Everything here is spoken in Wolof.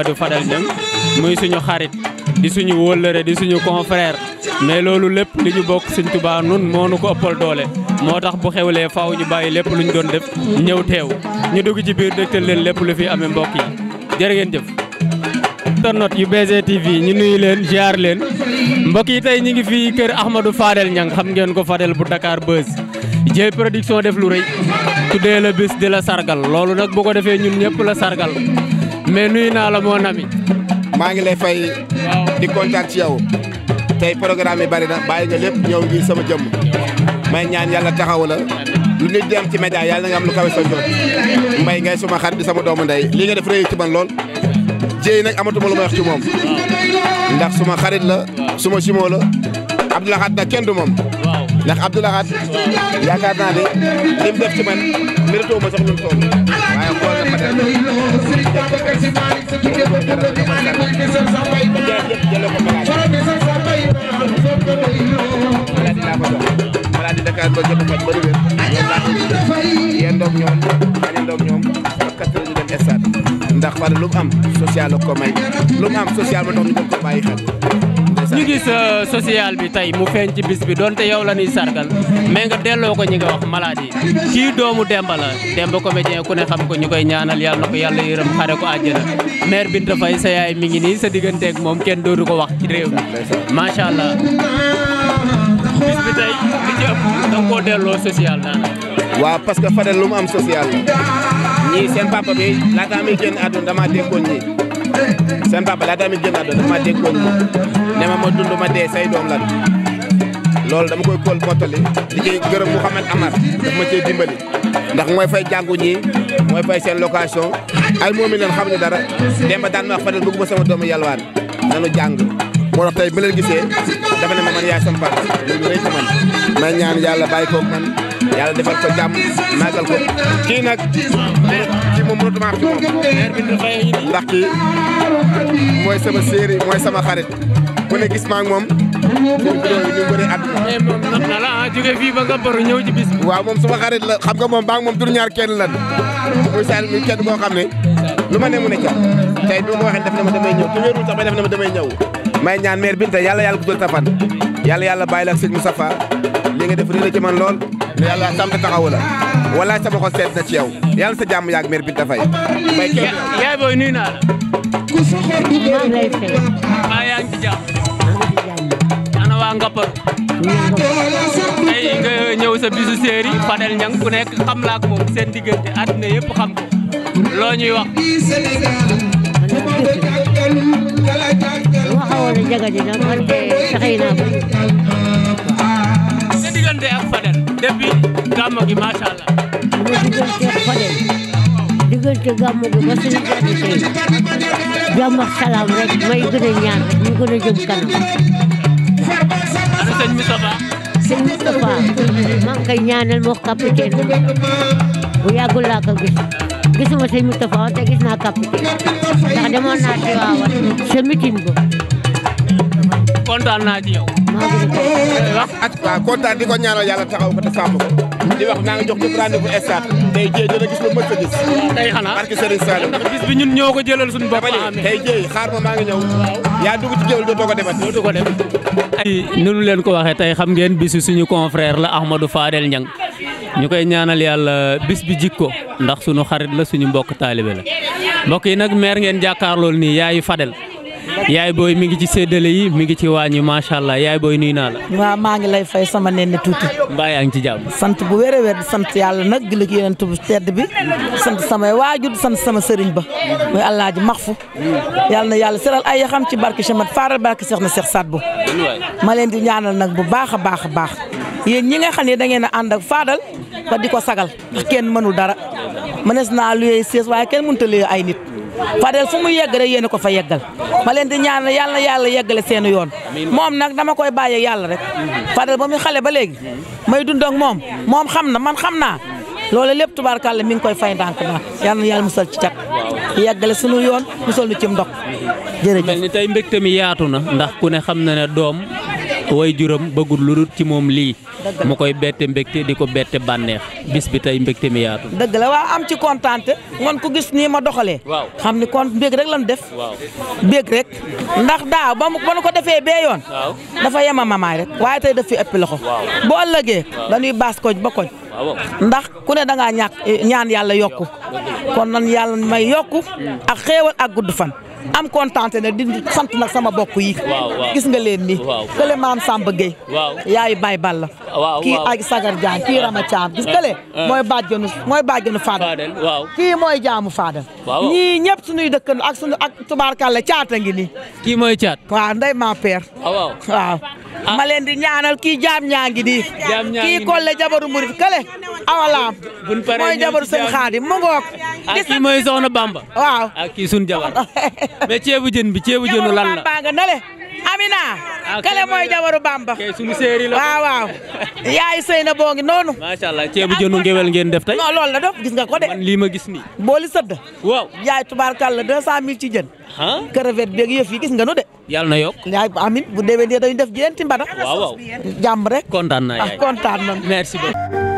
Amadou Fadel Niang muy suñu xarit di suñu wóllëre di suñu confrère mais loolu lépp li ñu bokk Sëñ Tuubaa nun moo nu ko ëppal doole moo tax bu xewlee faw ñu bàyyi lépp lu ñu doon def ñëw teew ñu dugg ci biir dégtal leen lépp lu fi amee mbokk yi jërë ngeen jëf internet yu BG TV ñu nuyu leen ziar leen mbokk yi tey ñu ngi fii kër Ahmadou Fadel Niang xam ngeen ko Fadel bu Dakar Buzz Dieye Production def lu rëy tuddee la bis di la sargal loolu nag bu ko defee ñun ñëpp la sargal mais nuyu naa la mon ami. maa ngi lay fay. di kontaan ci yow. tey programme yi bari na bàyyi nga lépp ñëw ngir sama jëmm. may ñaan yàlla taxaw la. lu nit di ci média yàlla nga am lu kawe sa jot. mbay ngay suma xarit di sama doomu ndey lii nga def rëy ci man lool. jéey nag amatuma lu ma wax ci moom. ndax suma xarit la. suma simoo la. Abdou Lahad nag kenn du moom. ndax Abdou Lahad yaakaar naa ne li mu ci man méritoo ma sax lu mu ndax Fadel lu mu am social la ko may lu mu am social ba tax ñu doon ko bàyyi xel ñu gis euh, social bi tey mu feeñ ci bis bi donte yow la ñuy sargal mais nga delloo ko ñi nga wax malade yi kii doomu Demba la Demba comédien ku ne xam ko ñu koy ñaanal yàlla na ko yàlla yërëm xare ko àjjana mère Binta Faye sa yaay mi ngi nii sa digganteeg moom kenn dootu ko wax ci réew mi macha allah bis bi tey li ci ëpp da koo delloo social daanaka. waaw parce que Fadel lu mu am social la. ñii seen papa bi laataa muy génn àdduna damaa déggoon ñii. seen papa laa tamit génn àdduna dama déggoon ko ne ma ma dund ma dee say doom lan loolu dama koy kóol mottali di ciy gërëm Mouhamed Amar daf ma ciy dimbali ndax mooy fay jàngu ñii mooy fay seen location ay moom mi leen xamuñu dara dem ba daan ma wax fa bëgguma sama doomu yalwaan nanu jàng moo tax tey bi leen gisee dafa ne ma man yaay sama papa loolu rëy may ñaan yàlla bàyyi koog man yàlla defal ko jàmm màggal ko kii nag kii moom mënatuma am ci moom ndax kii mooy sama séeri mooy sama xarit ku ne gis maa ngi moom ñu bëri at moom nag na la jóge fii ba nga boru ñëw ci waaw moom sama xarit la xam nga moom baa ngi moom ñaar kenn lan muy saan mi lu ma ne mu ne ca tey bi ma waxee def na ma damay ñëw ci may na ma damay ñëw may ñaan maire Binta yàlla yàlla guddal tafan yàlla yàlla bàyyi la ak sëñ Moustapha li nga def lool te yàlla sàmm taxawu la walaay sama xol seet na ci yow yàlla sa jàmm yaag mère Binta Faye. yaay booy nuyu naa la. maa ngi lay fay. maa yaa ngi ci jàmm. ana waa Ngappal. tey nga ñëw sa bisu séeri Fadel Niang ku nekk xam laa ak moom seen diggante àddina yëpp xam ko loo ñuy wax. ma xawoon a jaga man de fexe naa ko. gàmmu gi macha allah. mu diggante Fadel diggante gàmmu gi ba suñu gerte tey jàmm ak salaam rek may gën a ñaan rek ñu gën a jëm kanam. ana sëñ Moustapha. sëñ Moustapha maa ngi koy ñaanal moo capitaine bu yàggul laa ko gis gisuma sëñ Moustapha wante gis naa capitaine ndax demoon naa si waawal sa meeting ba. kontaan naa ci yow. maa ngi lay wax ak waaw kontaan di ko ñaanal yàlla taxaw ko te sàmm di wax naa ngi jox ñëpp rendez-vous instant tey jéey dina gis lu mën sa gis. tey xanaa bis bi ñun ñoo ko jëlal suñu bopp amee tey jéey xaar ma maa ngi ñëw. yaa dugg ci jéewal dootoo ko defaat ko def. ay ni leen ko waxee tey xam ngeen bisu suñu confrère la Ahmadou Fadel Niang ñu koy ñaanal yàlla bis bi jikko ndax suñu xarit la suñu mbokk taalibe la mbokk yi nag maire ngeen jàkkaarlool nii yaayu Fadel yaay booy mi ngi ci séddale yi mi ngi ci wàññi macha allah yaay booy nuyu naa la. waaw maa ngi lay fay sama nen tuuti. mbaa yaa ngi ci jàmm. sant bu wér a wér di sant yàlla nag di la yonent bu tedd bi sant samay waajur sant sama sëriñ ba muy Alaaji Maxfu yàlla na yàlla seral ay yaxam ci barke Cheikh Mat Faaral barke Cheikh na Cheikh Sadbu ma leen di ñaanal nag bu baax a baax a baax yéen ñi nga xam ne da ngeen a ànd ak faadal ba di ko sagal ndax kenn mënul dara mënees naa luyee sees waaye kenn mënut a luyee ay nit faadal fu mu yegg rek yéen a ko fa yeggal ma leen di ñaan yàlla na yàlla yeggale seen yoon moom nag dama koy bàyyi yàlla rek Fadel ba muy xale ba léegi may dund ak moom moom xam na man xam naa loolu lépp tubaarkàlla mi ngi koy fay ndànk naa yal na yàlla musal ci cak yeggale sunu yoon musal nu ci ndox jërëjëf mel ni tey mi yaatu na ndax ku ne xam na doom way juram bëggul lu dul ci moom lii mu koy bette mbégte di ko bette bànneex bis bi tey mbégte mi yaatu dëgg la waa am ci kontaante man ko gis nii ma doxalee xam ni kon béeg rek lan def béeg rek ndax daaw ba nu ko defee bee yoon dafa yema mamaay rek waaye tey daf fi ëpp loxo bu ëllëgee dañuy baas koñ ba koñ ndax ku ne dangaa ñàkk eh, ñaan yàlla yokku kon nan yàlla may yokku mm. ak xéewal ak gudd fan am kontaante na di sant nag sama bokk yi. gis nga leen ni. waaw kële maam Samba Gueye. waaw yaayu Balla. waaw kii ak Sagar Diagne kii Rama Thiam gis nga eh, eh. mooy bàjjenu mooy bàjjenu waaw kii mooy jaamu Fadel ñii ñëpp suñuy dëkkandoo ak suñu ak tubaarkàlla caata ngi nii kii mooy caat waaw nday maa peer waaw waaw ah. di ñaanal kii jaam ñaa ngi nii kii kolle jabaru murit kale awalaam mooy jabaru sëñ Xaadim mu ngoog ak ah, kii mooy soxna Bamba waaw ah, kii suñu jabar mais ceebu jën bi ceebu jënu lan la Amina. Ah, kale mooy jabaru Bamba. kay suñu séeri la waaw waaw. yaay sey na boo ngi noonu. macha allah ceebu jënu ngewel ngeen def tey. lool na la def gis nga ko de. man lii ma gis nii. booli sëdd. waaw yaay tubaarkàlla 200000 ci jën. ah crevette beeg yëf yi gis nga nu de. yàlla na yokk. yaay amin bu déwénee dañu def jënti mbada. waaw waaw jàmm rek. kontaan naa ah, yaay kontaan nañu. merci beaucoup.